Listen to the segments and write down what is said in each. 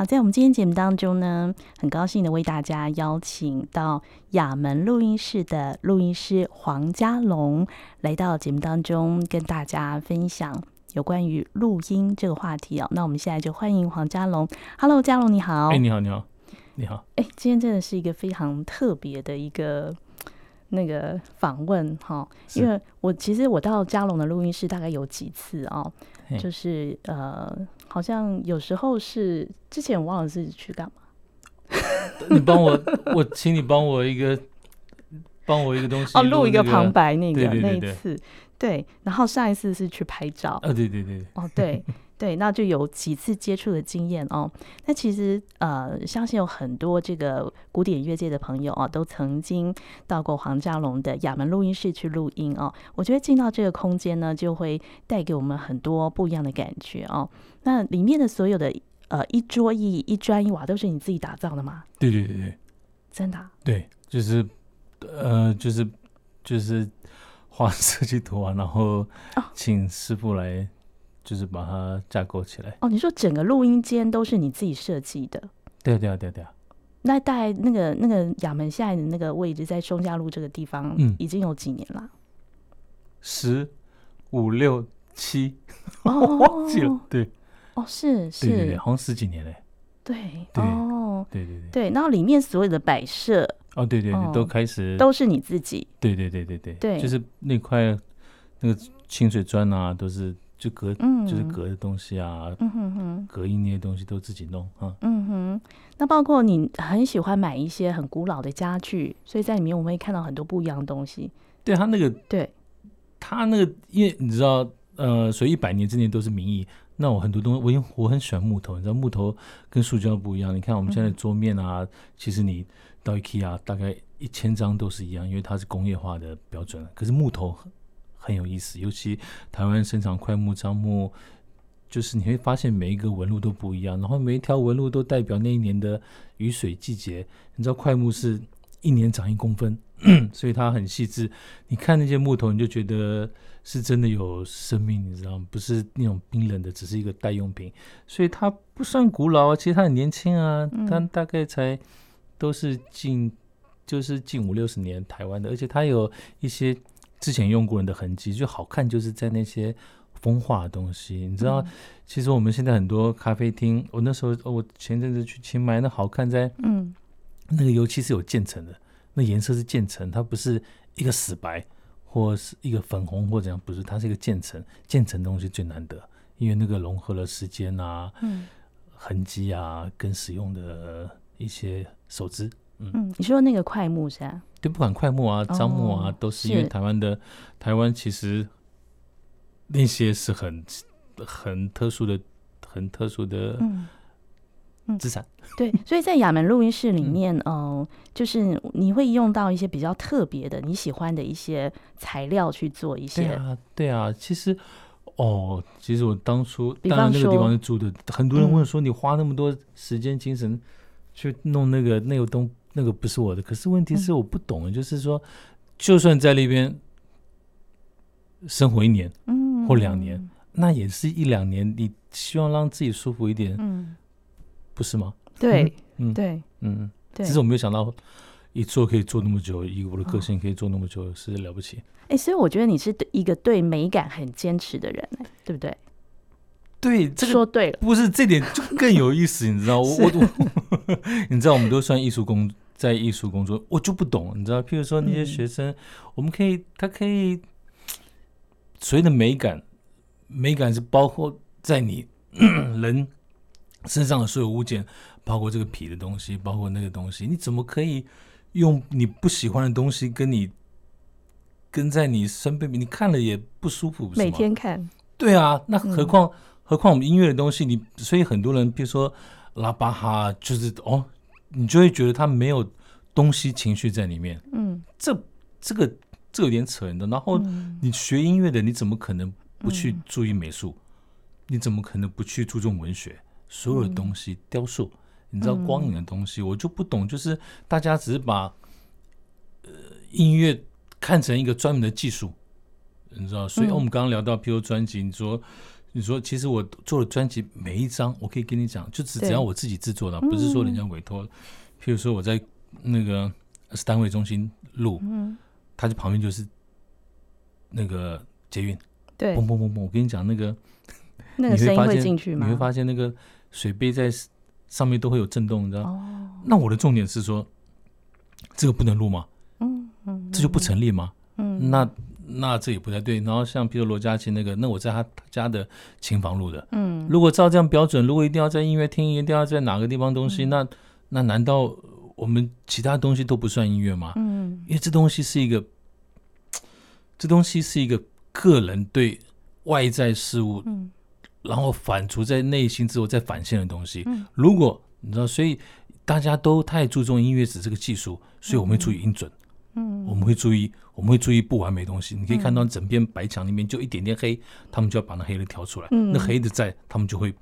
好，在我們今天節目當中呢，很高興的為大家邀請到亞門錄音室的錄音師黃家隆來到節目當中，跟大家分享有關於錄音這個話題哦、喔。那我們現在就歡迎黃家隆。Hello，家隆你好。哎、欸，你好，你好，你好。哎，今天真的是一個非常特別的一個那個訪問哈，喔、是因為我其實我到家隆的錄音室大概有幾次哦、喔。就是呃，好像有時候是之前我忘了自己去幹嘛。你幫我， 我請你幫我一個，幫我一個東西。哦，錄一個旁白那個，對對對對，那一次，對。然後上一次是去拍照。啊、哦，對對對。哦，對、對、對。 對，那就有幾次接觸的經驗哦。那其實呃，相信有很多這個古典樂界的朋友啊、哦，都曾經到過黃家隆的亞門錄音室去錄音哦。我覺得進到這個空間呢，就會帶給我們很多不一樣的感覺哦。那裡面的所有的呃一桌一椅一磚一瓦都是你自己打造的嗎？對對對對，真的？對，就是呃，就是就是畫設計圖啊，然後請師傅來。哦就是把它架構起來。哦，你說整個錄音間都是你自己設計的？對對對啊，對啊。那大概那個那個亞門現在的那個位置在松江路這個地方，已經有幾年了？十五六七？哦，忘記了。對。哦，是是好像十幾年嘞。對對哦，對對對。對，然後裡面所有的擺設，哦，對對對，都開始都是你自己。對對對對對對，就是那塊那個清水磚啊，都是。就隔，嗯、哼就是隔的東西啊，嗯哼哼，隔音那些東西都自己弄啊，嗯，嗯哼，那包括你很喜歡買一些很古老的家具，所以在裡面我們會看到很多不一樣的東西。對他那個，對他那個，因為你知道，呃，所以一百年之內都是名意。那我很多東西，我因為我很喜歡木頭，你知道木頭跟塑膠不一樣。你看我們現在的桌面啊，嗯、其實你到 IKEA 啊，大概一千張都是一樣，因為它是工業化的標準，可是木頭。很有意思，尤其台灣生產檜木樟木，就是你會發現每一個紋路都不一樣，然後每一條紋路都代表那一年的雨水季節。你知道檜木是一年長一公分，所以它很細緻。你看那些木頭，你就覺得是真的有生命，你知道嗎？不是那種冰冷的，只是一個代用品。所以它不算古老啊，其實它很年輕啊，但大概才都是近就是近五六十年台灣的，而且它有一些。之前用過人的痕跡就好看，就是在那些風化的東西。你知道，嗯、其實我們現在很多咖啡廳，我那時候我前陣子去清邁，那好看在嗯，那個油漆是有漸層的，那顏色是漸層，它不是一個死白或是一個粉紅或者怎樣，不是，它是一個漸層，漸層的東西最難得，因為那個融合了時間啊，嗯，痕跡啊，跟使用的一些手姿。嗯，你說那個檜木是啊？對，不管檜木啊、樟木啊，哦、都是因為台灣的是台灣其實那些是很很特殊的、很特殊的資產、嗯嗯。對，所以在亞門錄音室裡面，嗯、呃，就是你會用到一些比較特別的、你喜歡的一些材料去做一些。對啊，對啊，其實哦，其實我當初當然那個地方住的，很多人問說你花那麼多時間精神去弄那個、嗯、那個東西。那個不是我的，可是問題是我不懂。就是說，就算在那邊生活一年，嗯，或兩年，那也是一兩年。你希望讓自己舒服一點，嗯，不是嗎？對，嗯，對，嗯，其實我沒有想到，一做可以做那麼久，以我的個性可以做那麼久，實在了不起。哎，所以我覺得你是對一個對美感很堅持的人，對不對？對，這個說對了。不是這點就更有意思，你知道？我我，你知道，我們都算藝術工。在藝術工作，我就不懂，你知道？譬如說那些學生，嗯、我們可以，他可以，所謂的美感，美感是包括在你、嗯、人身上的所有物件，包括這個皮的東西，包括那個東西，你怎麼可以用你不喜歡的東西跟你跟在你身邊？你看了也不舒服，是嗎？每天看，對啊，那何況、嗯、何況我們音樂的東西你，你所以很多人，譬如說拉巴哈，就是哦。你就會覺得他沒有東西、情緒在裡面，嗯，這這個這有點扯人的。然後你學音樂的，你怎麼可能不去注意美術？嗯、你怎麼可能不去注重文學？所有的東西，雕塑，嗯、你知道光影的東西，嗯、我就不懂。就是大家只是把呃音樂看成一個專門的技術，你知道？所以我們剛剛聊到 P.O. 專輯，你說。你說，其實我做的專輯每一張，我可以跟你講，就只只要我自己制作的，對不是說人家委託。嗯、譬如說我在那個單位中心錄，嗯、他它的旁邊就是那個捷運，對，嘣嘣嘣嘣，我跟你講那個，那個聲音會進去嗎？你會發現那個水杯在上面都會有震動，你知道？哦、那我的重點是說，這個不能錄嗎？嗯，這就不成立嗎？嗯，那。那這也不太對。然後像比如羅佳琪那個，那我在他家的琴房錄的。嗯，如果照這樣標準，如果一定要在音樂廳，一定要在哪個地方東西，嗯、那那難道我們其他東西都不算音樂嗎？嗯，因為這東西是一個，這東西是一個個人對外在事物，嗯、然後反芻在內心之後再返現的東西。嗯、如果你知道，所以大家都太注重音樂指這個技術，所以我們會注意音準。嗯嗯嗯，我們會注意，我們會注意不完美東西。你可以看到整片白牆裡面就一點點黑，嗯、他們就要把那黑的挑出來。嗯，那黑的在，他們就會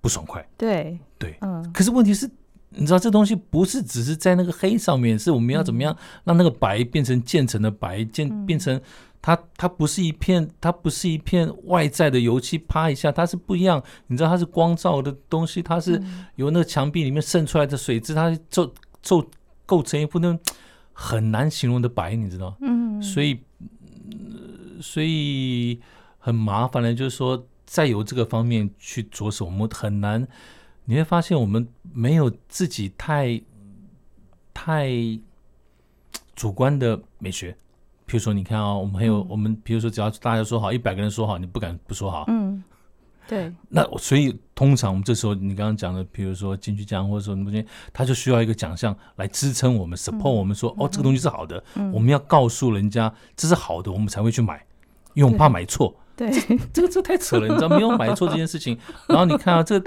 不爽快。對對，嗯對。可是問題是，你知道這東西不是只是在那個黑上面，是我們要怎麼樣讓那個白變成漸層的白，漸、嗯、變成它它不是一片，它不是一片外在的油漆，啪一下，它是不一樣。你知道它是光照的東西，它是由那個牆壁裡面滲出來的水漬，它構構構成一部分。很難形容的白，你知道嗎？嗯，所以所以很麻煩的，就是說再由這個方面去着手，我們很難，你會發現我們沒有自己太太主觀的美學。哦、比如說，你看啊，我們還有我們，比如說，只要大家說好，一百個人說好，你不敢不說好，嗯。對，那所以通常我們這時候，你剛剛講的，比如說金曲獎，或者說什麼東西，他就需要一個獎項來支撐我們，support、嗯、我們說，哦，這個東西是好的，嗯，我們要告訴人家這是好的，我們才會去買，因為我們怕買錯。對。對， 這個這太扯了，你知道沒有買錯這件事情。然後你看啊，這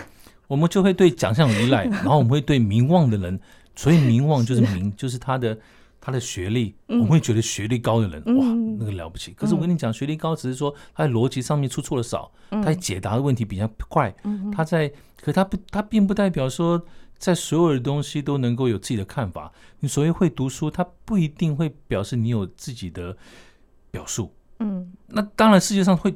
我們就會對獎項有依賴，然後我們會對名望的人，所以名望就是名，就是他的。 他的學歷，我們會覺得學歷高的人，哇，那個了不起。可是我跟你講，學歷高只是說他在邏輯上面出錯的少，他解答的問題比較快。他在，可他不，他並不代表說在所有的東西都能夠有自己的看法。你所謂會讀書，他不一定會表示你有自己的表述。嗯，那當然，世界上會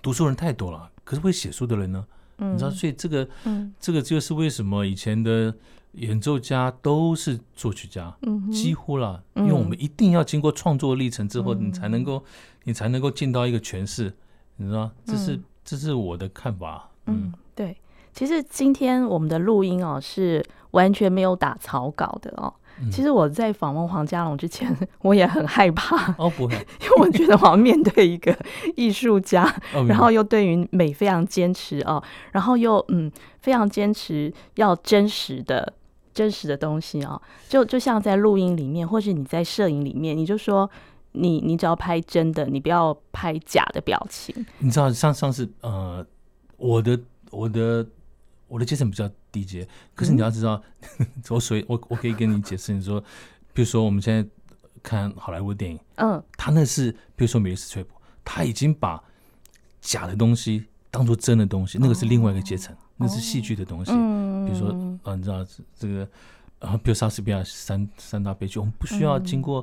讀書的人太多了，可是會寫書的人呢？你知道，所以這個，嗯、這個就是為什麼以前的演奏家都是作曲家，嗯、哼幾乎了，因為我們一定要經過創作歷程之後，嗯、你才能夠，你才能夠進到一個詮釋。嗯、你知道，這是、嗯、這是我的看法。嗯，嗯，對，其實今天我們的錄音哦，是完全沒有打草稿的哦。其實我在訪問黃家龍之前，我也很害怕，嗯， 因為我覺得好像面對一個藝術家，然後又對於美非常堅持哦，喔，然後又嗯，非常堅持要真實的、真實的東西哦，喔，就就像在錄音裡面，或是你在攝影裡面，你就說你你只要拍真的，你不要拍假的表情。你知道，上上次呃，我的我的我的 Jason 比較。理解，可是你要知道，我所以，我 我可以跟你解釋，你說，比如說我們現在看好萊塢電影，嗯，他那是比如說《梅姨史翠普》，他已經把假的東西當做真的東西，那個是另外一個階層，哦、那是戲劇的東西。嗯比、哦、如說、啊，你知道這個，啊，如比如莎士比亞三三大悲劇，我們不需要經過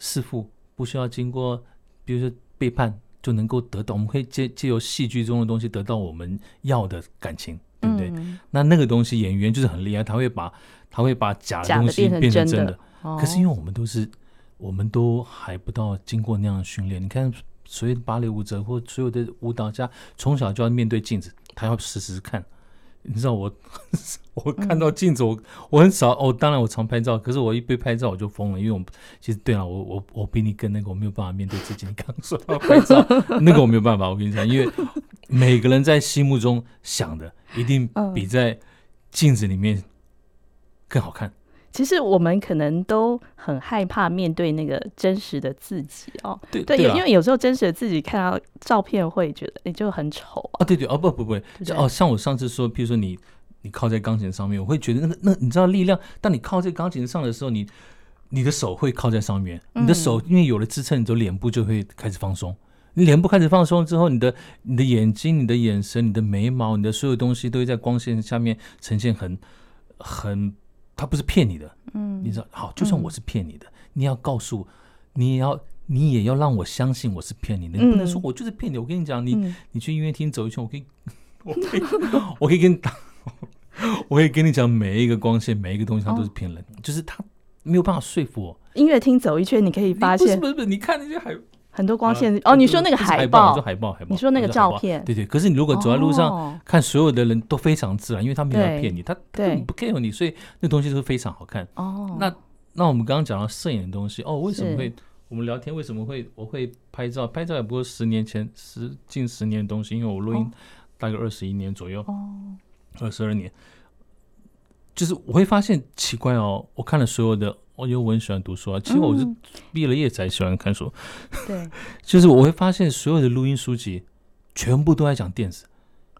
弒父，嗯、不需要經過，比如說背叛，就能夠得到，我們可以借借由戲劇中的東西得到我們要的感情。對不對？嗯、那那個東西，演員就是很厲害，他會把，他會把假的東西變成真的。假的變成真的，可是因為我們都是，哦、我們都還不到經過那樣的訓練。你看，所有的芭蕾舞者或所有的舞蹈家，從小就要面對鏡子，他要時時看。你知道我，我看到鏡子，我我很少。嗯、哦，當然我常拍照，可是我一被拍照我就瘋了，因為我們其實對了、啊，我我我比你更那個，我沒有辦法面對自己。 你剛，剛說到拍照，那個我沒有辦法，我跟你講，因為。每個人在心目中想的一定比在鏡子裡面更好看，嗯。其實我們可能都很害怕面對那個真實的自己哦。對對，對因為有時候真實的自己看到照片會覺得你就很醜啊，哦。對對哦，不不不，不對對對哦，像我上次說，譬如說你你靠在鋼琴上面，我會覺得那個那你知道力量，當你靠在鋼琴上的時候，你你的手會靠在上面，嗯、你的手因為有了支撐，你的臉部就會開始放鬆。你臉部開始放鬆之後，你的你的眼睛、你的眼神、你的眉毛、你的所有東西，都會在光線下面呈現很很，他不是騙你的，嗯，你知道？好，就算我是騙你的，嗯、你要告訴我，你也要你也要讓我相信我是騙你的。你不能說我就是騙你，嗯、我跟你講，你、嗯、你去音樂廳走一圈，我可以，我可以，我可以跟你講， 我可以跟你講，每一個光線，每一個東西，它都是騙人，哦、就是他沒有辦法說服我。音樂廳走一圈，你可以發現，不是，不是不是，你看那些還。很多光線、啊、哦，你說那個海報，海報你說海報，海報，你說那個照片，對對。可是你如果走在路上、哦、看，所有的人都非常自然，因為他沒有騙你，對他不 care 你，所以那東西是非常好看。哦，那那我們剛剛講到攝影的東西，哦，為什麼會是我們聊天？為什麼會我會拍照？拍照也不過十年前，十近十年的東西，因為我錄音大概二十一年左右，哦，二十二年，就是我會發現奇怪哦，我看了所有的。我因為我很喜歡讀書啊，其實我是畢了業才喜歡看書。對、嗯， 就是我會發現所有的錄音書籍，全部都在講電子，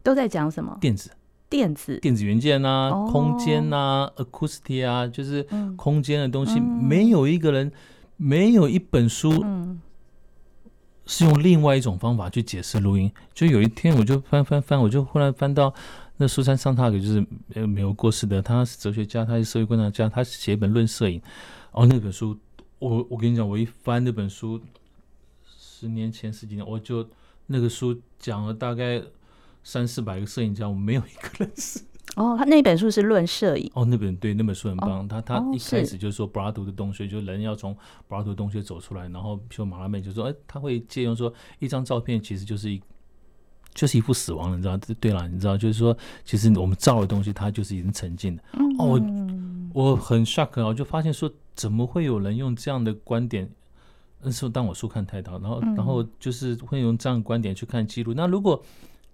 都在講什麼？電子、電子、電子元件啊，哦、空間啊，acoustic 啊，就是空間的東西。嗯、沒有一個人，沒有一本書，是用另外一種方法去解釋錄音。就有一天，我就翻翻翻，我就忽然翻到。那蘇珊桑塔格就是沒有沒有過世的，他是哲學家，他是社會觀察家，他寫一本《論攝影》。哦，那本書，我我跟你講，我一翻那本書，十年前十幾年，我就那個書講了大概三四百個攝影家，我沒有一個認識。哦，他那本書是《論攝影》。哦，那本對，那本書很棒。哦、他他一開始就是說柏拉圖的洞穴，哦、就是人要從柏拉圖的洞穴走出來，然後比如說馬拉美就說，哎、欸，他會借用說一張照片其實就是一。就是一副死亡，你知道？對了、啊，你知道，就是說，其實我們造的東西，它就是已經沉浸的。哦，我很 shock，我就發現說，怎麼會有人用這樣的觀點說當我書看太多，然後然後就是會用這樣的觀點去看記錄。那如果，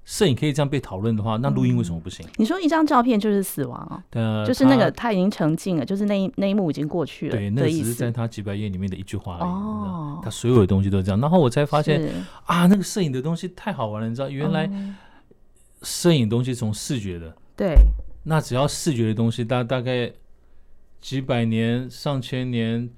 攝影可以這樣被討論的話，那錄音為什麼不行？嗯、你說一張照片就是死亡啊、喔，呃、就是那個他已經沉浸了，就是那一那一幕已經過去了，對，意思那只是在他幾百頁裡面的一句話而已、哦。他所有的東西都是這樣。然後我才發現是啊，那個攝影的東西太好玩了，你知道，原來攝影東西從視覺的，對、嗯，那只要視覺的東西，大大概幾百年、上千年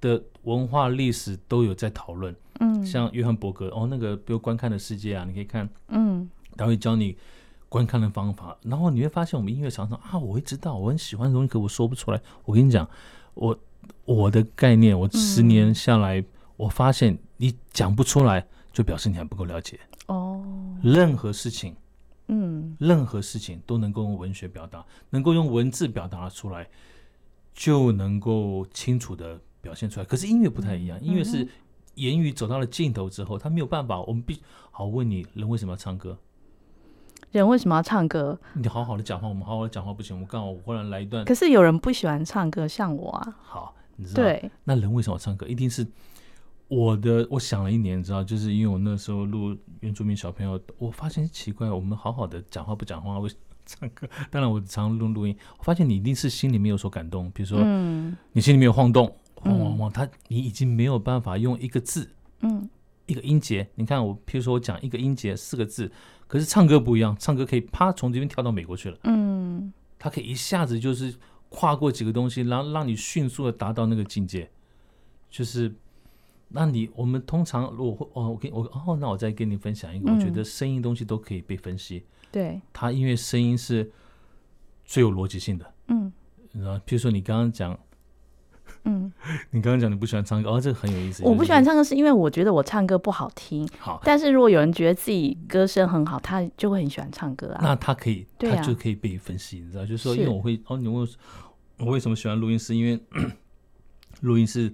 的文化歷史都有在討論。嗯，像約翰伯格，哦，那個比如觀看的世界啊，你可以看，嗯。他會教你觀看的方法，然後你會發現我們音樂常常啊，我會知道我很喜歡的東西，可我說不出來。我跟你講，我我的概念，我十年下來，嗯、我發現你講不出來，就表示你還不夠了解。哦，任何事情，嗯，任何事情都能夠用文學表達，能夠用文字表達出來，就能夠清楚的表現出來。可是音樂不太一樣，音樂是言語走到了盡頭之後，他、嗯、沒有辦法。我們必須，好，我問你，人為什麼要唱歌？人為什麼要唱歌？你好好的講話，我們好好的講話不行，我剛好忽然來一段。可是有人不喜歡唱歌，像我啊。好，你知道？對。那人為什麼唱歌？一定是我的，我想了一年，你知道，就是因為我那時候錄原住民小朋友，我發現奇怪，我們好好的講話不講話，我唱歌。當然我常錄錄音，我發現你一定是心裡面有所感動，比如說你心裡面有晃動，嗯、晃，晃晃晃，他你已經沒有辦法用一個字。嗯。一個音節，你看我，譬如說我講一個音節，四個字，可是唱歌不一樣，唱歌可以啪從這邊跳到美國去了，嗯，它可以一下子就是跨過幾個東西，然後讓讓你迅速地達到那個境界，就是，那你我們通常如果會哦，我給我哦，那我再跟你分享一個，嗯，我覺得聲音東西都可以被分析，對，它因為聲音是最有邏輯性的，嗯，然後譬如說你剛剛講。嗯，你剛剛講你不喜歡唱歌，哦，這個很有意思。我不喜歡唱歌，是因為我覺得我唱歌不好聽。好，但是如果有人覺得自己歌聲很好，他就會很喜歡唱歌啊。那他可以，對啊、他就可以被分析，你知道，就是說，因為我會是哦，你問我，我為什麼喜歡錄音師是因為錄 音是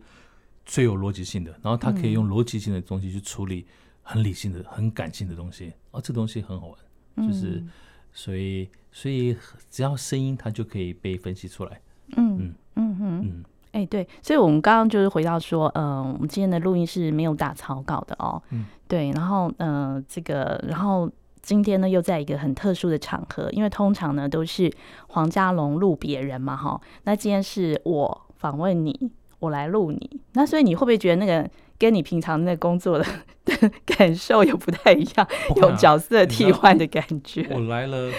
最有邏輯性的，然後他可以用邏輯性的東西去處理很理性的、很感性的東西。嗯、哦，這個、東西很好玩，就是，嗯、所以，所以只要聲音，他就可以被分析出來。嗯嗯嗯嗯嗯。嗯嗯哎、欸、對，所以我們剛剛就是回到說，嗯，我們今天的錄音是沒有打草稿的哦。嗯、對，然後，嗯，這個，然後今天呢又在一個很特殊的場合，因為通常呢都是黃家隆錄別人嘛，哈。那今天是我訪問你，我來錄你。那所以你會不會覺得那個跟你平常那工作的 感受又不太一樣， 有角色替換的感覺？ 我來了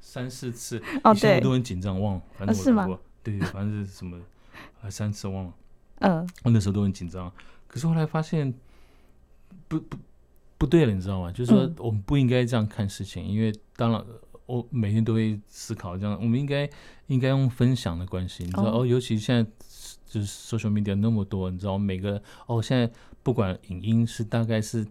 三四次， 哦，對，都很緊張，忘了反正我是嗎？對，反正是什麼？ 三次忘了，嗯，我那時候都很緊張，可是後來發現不不不對了，你知道嗎？就是說我們不應該這樣看事情，嗯，因為當然我每天都會思考這樣，我們應該應該用分享的關係，你知道，oh. 哦？尤其是現在就是 social media 那麼多，你知道每個哦，現在不管影音是大概是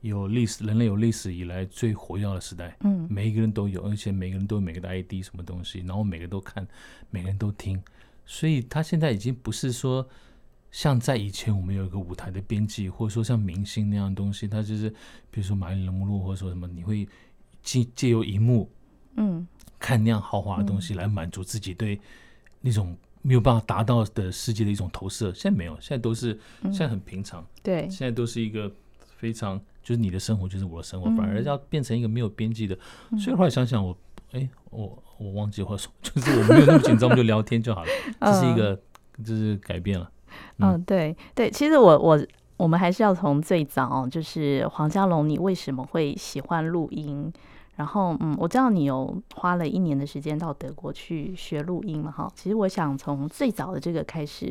有歷史，人類有歷史以來最活躍的時代，嗯，每一個人都有，而且每個人都有每個的 ID 什麼東西，然後每個都看，每個人都聽。所以，他現在已經不是說像在以前，我們有一個舞台的編輯，或者說像明星那樣東西，他就是比如說買《名利場》或者說什麼，你會借借由一幕，嗯，看那樣豪華的東西來滿足自己對那種沒有辦法達到的世界的一種投射。現在沒有，現在都是，現在很平常，嗯、對，現在都是一個非常就是你的生活就是我的生活，反而要變成一個沒有邊際的。所以後來想想我。哎、欸，我我忘記話說，就是我沒有那麼緊張， 我們就聊天就好了。 這是一個，uh, 就是改變了。嗯，uh, 對對，其實我我我們還是要從最早，就是黃家隆，你為什麼會喜歡錄音？然後，嗯，我知道你有花了一年的時間到德國去學錄音了。哈。其實我想從最早的這個開始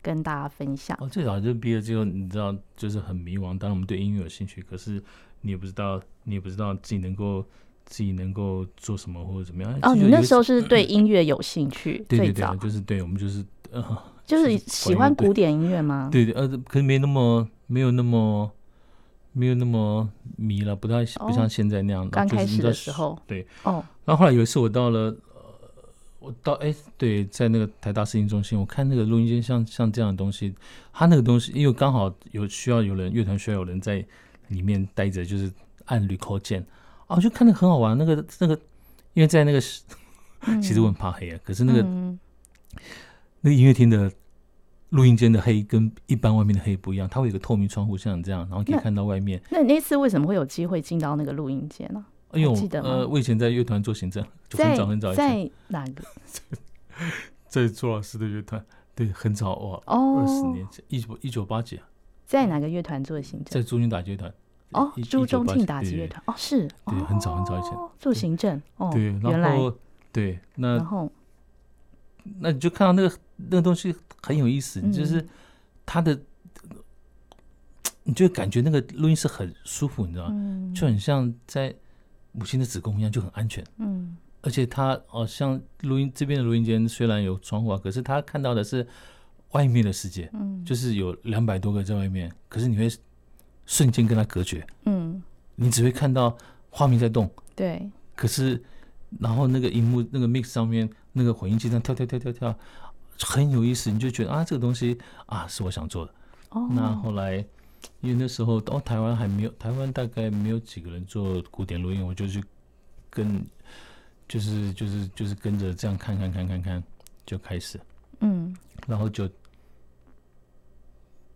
跟大家分享。哦、最早就畢業之後，你知道，就是很迷茫。當然，我們對音樂有興趣，可是你也不知道，你也不知道自己能夠。自己能夠做什麼或者怎麼樣、啊？哦、啊，你那時候是對音樂有興趣，對，對對，嗯、就是對，我們就是呃，就是喜歡古典音樂嗎？對，對對，呃，可能沒那麼沒有那麼沒有那麼迷了，不太不像現在那樣的。剛、哦、開始的時候，對哦。然後後來有一次我到了，哦、我到哎、欸，對，在那個台大視聽中心，我看那個錄音間，像像這樣的東西，它那個東西因為剛好有需要有人樂團需要有人在裡面待着，就是按鋁扣鍵。哦，就看那個很好玩，那個那個，因為在那個，嗯、其實我很怕黑啊。可是那個，嗯、那個音樂廳的錄音間的黑跟一般外面的黑不一樣，它會有個透明窗戶，像這樣，然後可以看到外面那。那那次為什麼會有機會進到那個錄音間呢？哎呦我記得呃，我以前在樂團做行政，就很早很早以前在，在哪個 在？在朱老師的樂團，對，很早哇哦，二十年前，一九一九八幾啊？在哪個樂團做行政？在朱宗慶打擊樂團。哦，朱宗慶打擊樂團哦，是，對，很早很早以前做行政，對，原來對，那然後，那你就看到那個那個東西很有意思，就是他的，你就感覺那個錄音室很舒服，你知道嗎？就很像在母親的子宮一樣，就很安全，嗯，而且他哦，像錄音這邊的錄音間雖然有窗戶啊，可是他看到的是外面的世界，嗯，就是有兩百多個在外面，可是你會。瞬間跟他隔絕，嗯，你只會看到畫面在動，對。可是，然後那個熒幕、那個 mix 上面那個混音機上跳跳跳跳跳，很有意思，你就覺得啊，這個東西啊是我想做的。哦、那後來，因為那時候到、哦、台灣還沒有，台灣大概沒有幾個人做古典錄音，我就去跟，就是就是就是跟着這樣看看看看看就開始，嗯。然後就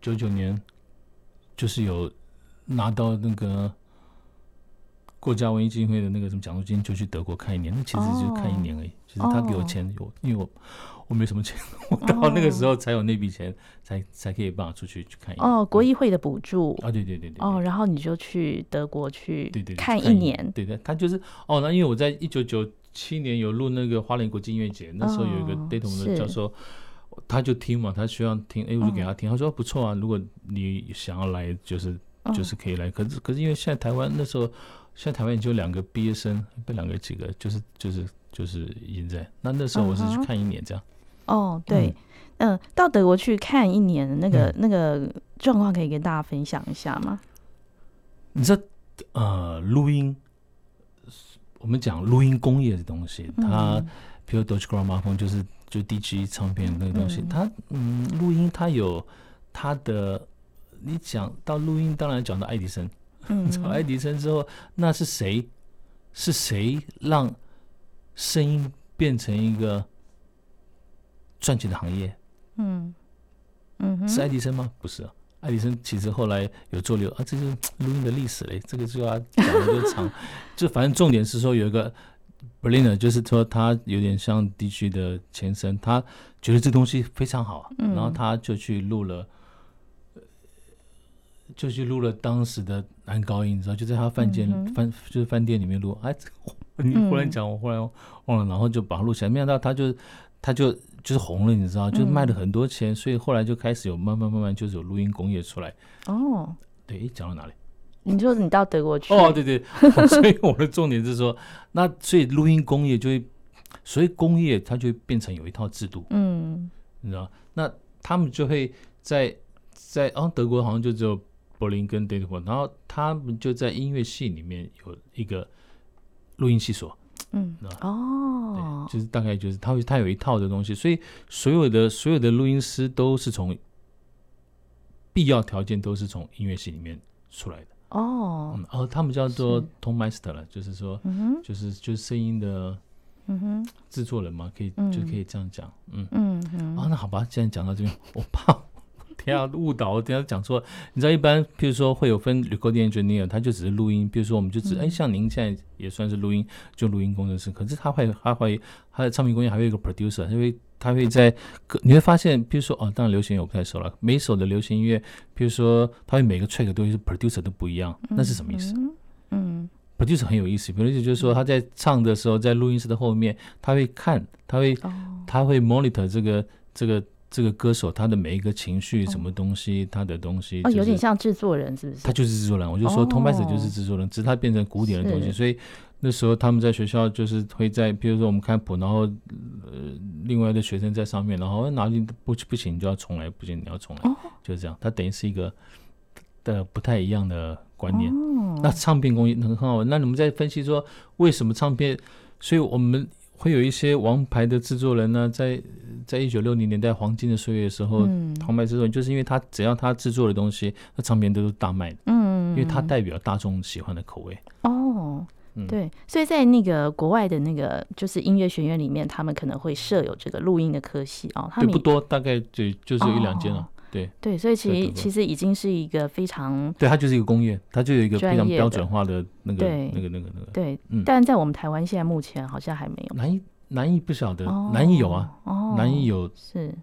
99年就是有。拿到那個國家文藝基金會的那個什麼獎助金，就去德國看一年。那其實就看一年而已。Oh, 其實他給我錢，oh. 我因為我我沒什麼錢，我到那個時候才有那筆錢，oh. 才才可以辦法出去去看。哦，國藝會的補助啊，對對對對。哦，oh, 然後你就去德國去看，對對對去看一年。對對,對，他就是哦，那因為我在一九九七年有錄那個花蓮國際音樂節，那時候有一個德同的教授，oh, 是他就聽嘛，他需要聽，哎、欸，我就給他聽，嗯、他說不錯啊，如果你想要來，就是。就是可以來，oh. 可是可是因為現在台灣那時候，現在台灣也就兩個畢業生，不，兩個幾個，就是就是就是已經在。那那時候我是去看一年這樣。哦、uh，huh. oh, 對，嗯，到德國去看一年的那個、嗯、那個狀況，可以跟大家分享一下嗎？你知道，呃，錄音，我們講錄音工業的東西，它、嗯、比如 Deutsche Grammophon 就是就 D、是、G 唱片那個東西，它嗯，錄、嗯、音它有它的。你講到錄音，當然講到愛迪生。嗯。找愛迪生之後，那是誰？是誰讓聲音變成一個賺錢的行業？嗯。嗯。是愛迪生嗎？不是。愛迪生其實後來有做流，啊，這個錄音的歷史嘞，這個就要、啊、講的多長。 就反正重點是說有一個 Berliner 就是說他有點像 DG 的前身，他覺得這東西非常好，然後他就去錄了。就去錄了當時的男高音，你知道，就在他飯店、嗯哼、飯就是飯店裡面錄。嗯、哼哎，你忽然講，我忽然忘了，嗯、然後就把它錄起來。沒想到他就他就他就，就是紅了，你知道，就賣了很多錢。嗯、所以後來就開始有慢慢慢慢，就是有錄音工業出來。哦，對，講到哪裡？你說你到德國去。哦，對對。所以我的重點是說， 那所以錄音工業就會，所以工業它就變成有一套制度。嗯，你知道，那他們就會在在哦，德國好像就只有。柏林跟德語柏然後他們就在音樂系裡面有一個錄音系所，嗯，對哦，對，就是大概就是他會他有一套的東西，所以所有的所有的錄音師都是從必要條件都是從音樂系裡面出來的，哦，嗯，然、哦、他們叫做 Tonmeister 了，是就是說，嗯、哼就是就是聲音的，製作人嘛，可以、嗯、就可以這樣講，嗯嗯哼，啊，那好吧，既然講到這邊，我怕。不要誤導，我等下講錯。你知道，一般比如說會有分 recording engineer，他就只是錄音。比如說，我們就只，嗯、哼哎，像您現在也算是錄音，就錄音工程師。可是他會，他懷疑他的唱片公司還會有一個 producer，因為他會在，嗯、哼你會發現，比如說，哦，當然流行音我不太熟了。每一首的流行音樂，比如說，他會每個 track 都是 producer 都不一樣，嗯、哼那是什麼意思？嗯，producer 很有意思。比如意思就是說他在唱的時候，嗯、哼在錄音室的後面，他會看，他會，哦、他會 monitor 這個這個。這個這個歌手他的每一個情緒什麼東西，他的東西哦，有點像制作人是不是？他就是制作人，我就說通拍者就是制作人，哦、只是他變成古典的東西。是所以那時候他們在學校就是會在，比如說我們看譜，然後呃，另外的學生在上面，然後哪裡不不行你就要重來，不行你要重來，就是這樣。哦、他等於是一個的不太一樣的觀念。哦、那唱片工藝很好，那你們在分析說為什麼唱片？所以我們。會有一些王牌的製作人呢，在在一九六零年代黃金的歲月的時候，王牌製作人就是因為他只要他製作的東西，那唱片都是大賣的，嗯，因為他代表大眾喜歡的口味嗯嗯嗯哦。對，所以在那個國外的那個就是音樂學院裡面，他們可能會設有這個錄音的科系哦。對，不多，大概就就只有一兩間了。哦哦對對，所以其實其實已經是一個非常，對，它就是一個工業，它就有一個非常標準化的那個那個那個那個，對，嗯，但在我們台灣現在目前好像還沒有。南藝南藝不曉得，南藝有啊，南藝有是，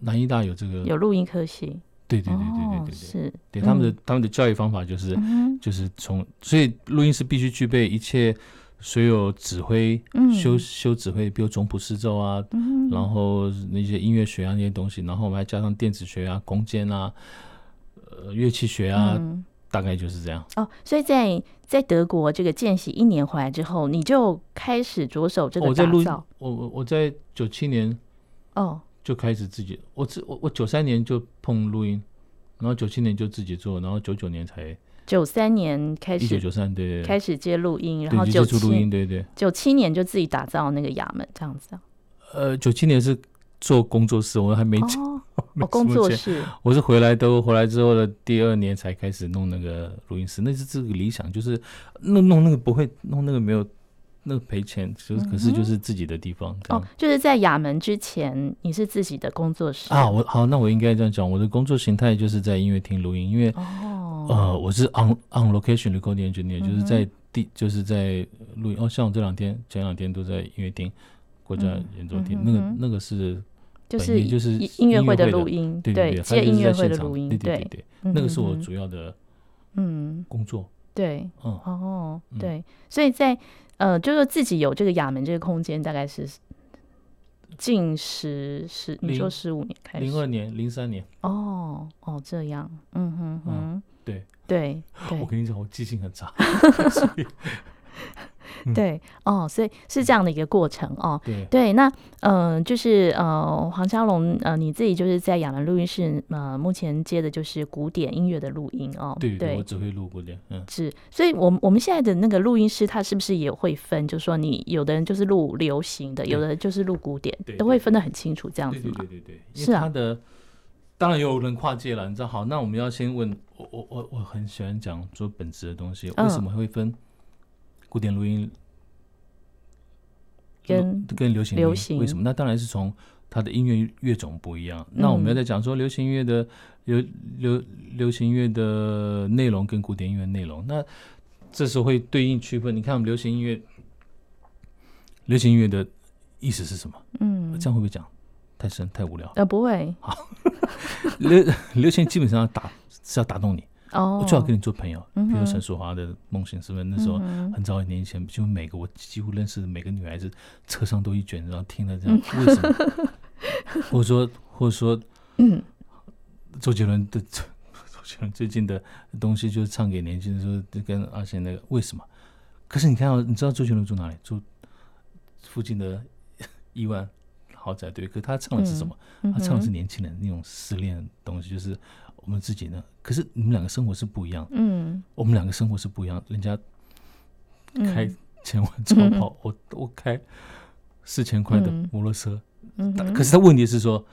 南藝大有這個有錄音科系，對對對對對對，是對他們的他們的教育方法就是就是從，所以錄音師必須具備一切。所以有指揮，嗯，修修指揮，比如總譜視奏啊，嗯、然後那些音樂學啊那些東西，然後我們還加上電子學啊、空間啊、呃樂器學啊，嗯、大概就是這樣。哦，所以在在德國這個見習一年回來之後，你就開始着手這個我在錄音。我我我在九七年，哦，就開始自己。哦、我我我九三年就碰錄音，然後九七年就自己做，然後九九年才。九三年開始，一九九三對對，開始接錄音，然後九七，九七年就自己打造那個衙門這樣子、啊。呃，九七年是做工作室，我還沒，哦， 沒哦，工作室，我是回來都回來之後的第二年才開始弄那個錄音室，那是這個理想，就是弄弄那個不會、嗯、弄那個沒有。那賠錢就是，可是就是自己的地方。哦，就是在亞門之前，你是自己的工作室啊？我好，那我應該這樣講，我的工作形態就是在音樂廳錄音，因為呃，我是 on on location recording engineer，就是在地，就是在錄音。哦，像我這兩天前兩天都在音樂廳，國家演奏廳，那個那個是就是也就是音樂會的錄音，對，還有音樂會的錄音，對對對，那個是我主要的嗯工作，對，哦，對，所以在。呃，就是自己有這個亞門這個空間，大概是近十十，零你說十五年開始，零二年、零三年，哦哦，這樣，嗯哼哼，對、嗯、對，對對我跟你講，我記性很差，所以。嗯、對哦，所以是這樣的一個過程、嗯、哦。對，對，那嗯、呃，就是呃，黃家隆呃，你自己就是在亞門錄音室呃，目前接的就是古典音樂的錄音哦。對，對，對我只會錄古典。嗯、是，所以我們，我我們現在的那個錄音師，他是不是也會分？就說你有的人就是錄流行的，對有的人就是錄古典，對對對都會分得很清楚，這樣子嗎？對對，對對對，它是啊的。當然有人跨界了，你知道？好，那我們要先問我我我我很喜歡講做本質的東西，為什麼會分？嗯古典錄音跟跟流行錄音，流行，為什麼？那當然是從它的音樂樂種不一樣。嗯、那我們要再講說流行音樂的流流流行音樂的內容跟古典音樂內容，那這時候會對應區分。你看，我們流行音樂，流行音樂的意思是什麼？嗯，這樣會不會講太深太無聊？呃、哦，不會。好， 流流行基本上打是要打動你。我最好跟你做朋友，oh, 比如說陳淑樺的《夢醒時分》mm，hmm. 那時候很早一年前，就每個我幾乎認識的每個女孩子車上都一卷，然後聽了這樣。嗯、為什麼？ 或者說，或者說，嗯，周杰倫的周杰倫最近的東西，就是唱給年輕人說，就跟阿賢那個為什麼？可是你看到、啊，你知道周杰倫住哪裡？住附近的億萬豪宅對？可是他唱的是什麼？嗯、他唱的是年輕人那種失戀的東西，嗯、就是。我們自己呢？可是你們兩個生活是不一樣。嗯，我們兩個生活是不一樣。人家開千萬超跑，嗯、我我開四千塊的摩托車。嗯，嗯，可是他問題是說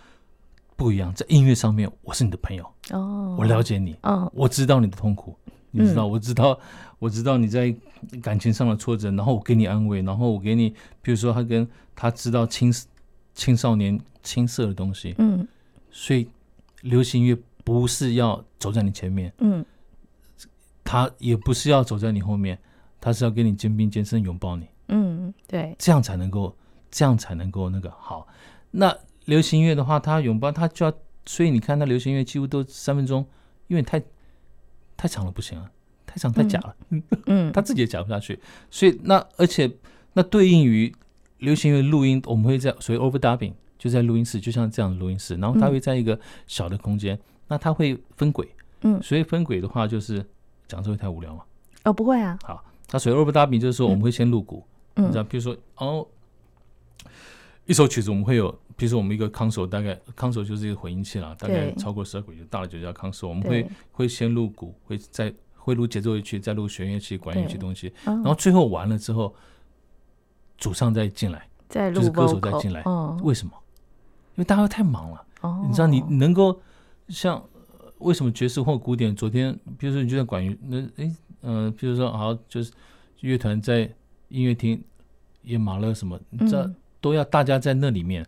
不一樣。在音樂上面，我是你的朋友、哦、我了解你。哦、我知道你的痛苦，你知道，嗯、我知道，我知道你在感情上的挫折，然後我給你安慰，然後我給你，比如說他跟他知道青青少年青澀的東西。嗯，所以流行音樂。不是要走在你前面，嗯，他也不是要走在你後面，他是要跟你肩並肩，甚至擁抱你，嗯，對，這樣才能夠，這樣才能夠那個好。那流行音樂的話，他擁抱他就要，所以你看，那流行音樂幾乎都三分鐘，因為太，太長了不行啊，太長、嗯、太假了，他、嗯嗯、自己也假不下去。所以那而且那對應於流行音樂錄音，我們會在所謂 over dubbing，就在錄音室，就像這樣的錄音室，然後他會在一個小的空間。嗯那他會分軌，嗯，所以分軌的話就是講這個太無聊了哦，不會啊，好，那所以 overdubbing 就是說我們會先錄鼓，嗯，你知道，比如說哦，一首曲子我們會有，比如說我們一個 console，大概 console 就是一個混音器了，大概超過十二軌就大了，就叫 console，我們會會先錄鼓，會再會錄節奏樂器，再錄弦樂器、管樂器東西，然後最後完了之後，主唱再進來，再錄，就是歌手再進來，為什麼？因為大家都太忙了，哦，你知道你能夠。像為什麼爵士或古典？昨天，比如說你就在管樂，那嗯，呃、比如說好，就是樂團在音樂廳演馬勒什麼，這都要大家在那裡面。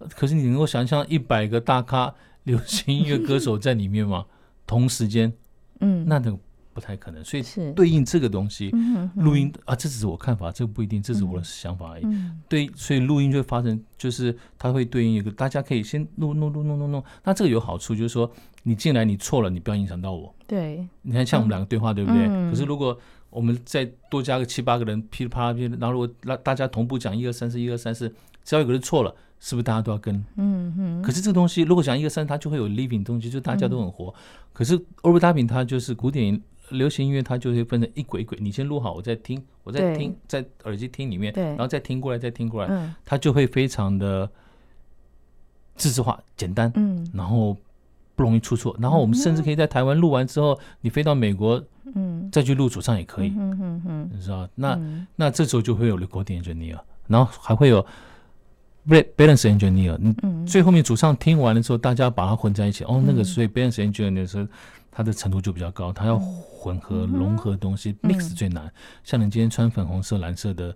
嗯、可是你能夠想象一百個大咖流行音樂歌手在裡面嗎？ 同時間，嗯，那都。不太可能，所以對應這個東西，錄、嗯、音啊，這只是我看法，這不一定，這是我的想法而已。嗯嗯、對，所以錄音就會發生，就是它會對應一個，大家可以先錄錄錄錄錄，那這個有好處，就是說你進來，你錯了，你不要影響到我。對，你看像我們兩個對話，嗯、對不對？嗯、可是如果我們再多加個七八個人，噼里啪啦噼，然後如果大家同步講一二三四一二三四，只要有一個人錯了，是不是大家都要跟？嗯，嗯可是這個東西，如果講一二三，它就會有 living 東西，就大家都很活。嗯、可是 overdubbing 它就是古典。流行音樂它就會分成一軌一軌，你先錄好，我再聽，我再聽，對在耳機聽裡面，對然後再聽過來，再聽過來，嗯、它就會非常的自制化、簡單，然後不容易出錯。嗯、然後我們甚至可以在台灣錄完之後，嗯、你飛到美國，嗯、再去錄主唱也可以，嗯嗯嗯嗯、你知道那、嗯、那這時候就會有 lead engineer，然後還會有 balance engineer，最後面主唱聽完了之後，大家把它混在一起，嗯、哦，那個所以 balance engineer 的時候，它的程度就比較高，它要。混合融合東西 mix 最難，像你今天穿粉紅色、藍色的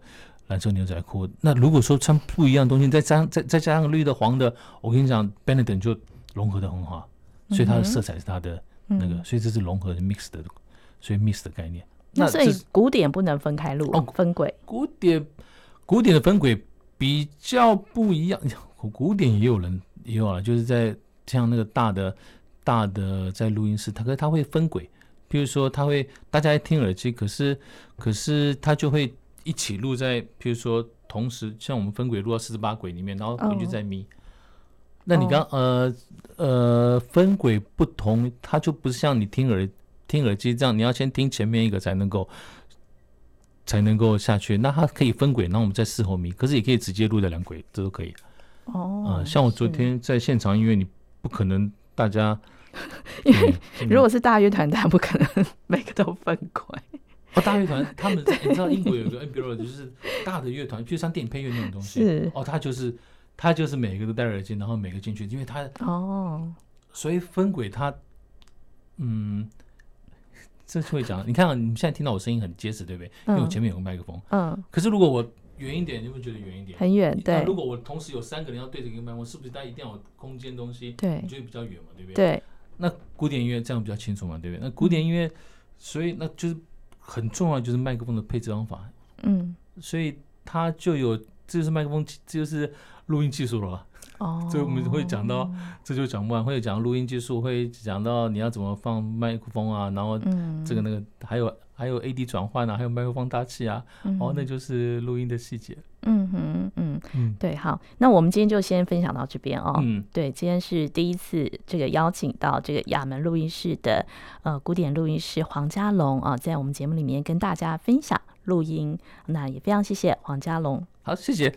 藍色牛仔褲，那如果說穿不一樣的東西，再加再再加上綠的、黃的，我跟你講，Benetton 就融合的很好，所以它的色彩是它的那個，所以這是融合 mix 的，所以 mix 的概念。那所以古典不能分開錄分軌，古典古典的分軌比較不一樣，古典也有人也有啊，就是在像那個大的大的，大的在錄音室，它可它會分軌。比如說，他會大家來聽耳機，可是可是他就會一起錄在，比如說同時像我們分軌錄到四十八軌裡面，然後回去再咪。那你剛呃呃分軌不同，他就不是像你聽耳聽耳機這樣，你要先聽前面一個才能夠才能夠下去。那它可以分軌，然後我們再事後咪，可是也可以直接錄在兩軌，這都可以。哦，像我昨天在現場，因為你不可能大家。因為如果是大樂團，他不可能每個都分軌。哦，大樂團，他們你知道英國有一個，哎，比如就是大的樂團，譬如像電影配樂那種東西。是哦，他就是他就是每個都戴耳機，然後每個進去，因為他哦，所以分軌他嗯，這會講。你看，啊，你們現在聽到我聲音很結實，對不對？因為我前面有個麥克風。嗯。可是如果我遠一點，你會覺得遠一點。很遠。對。如果我同時有三個人要對着一個麥克風，是不是大家一定要有空間東西？對，你覺得比較遠嘛，對不對？對。那古典音樂這樣比較清楚嘛，對不對？那古典音樂，所以那就是很重要，就是麥克風的配置方法。嗯，所以它就有，這就是麥克風，這就是錄音技術了。哦，所以我們會講到，這就講不完，會講錄音技術，會講到你要怎麼放麥克風啊，然後這個那個，還有還有 A/D 轉換啊，還有麥克風放大器啊，然後那就是錄音的細節。嗯哼嗯嗯，對，好，那我們今天就先分享到這邊哦。嗯，對，今天是第一次這個邀請到這個亞門錄音室的呃古典錄音師黃家隆啊，在我們節目裡面跟大家分享錄音，那也非常謝謝黃家隆，好，謝謝。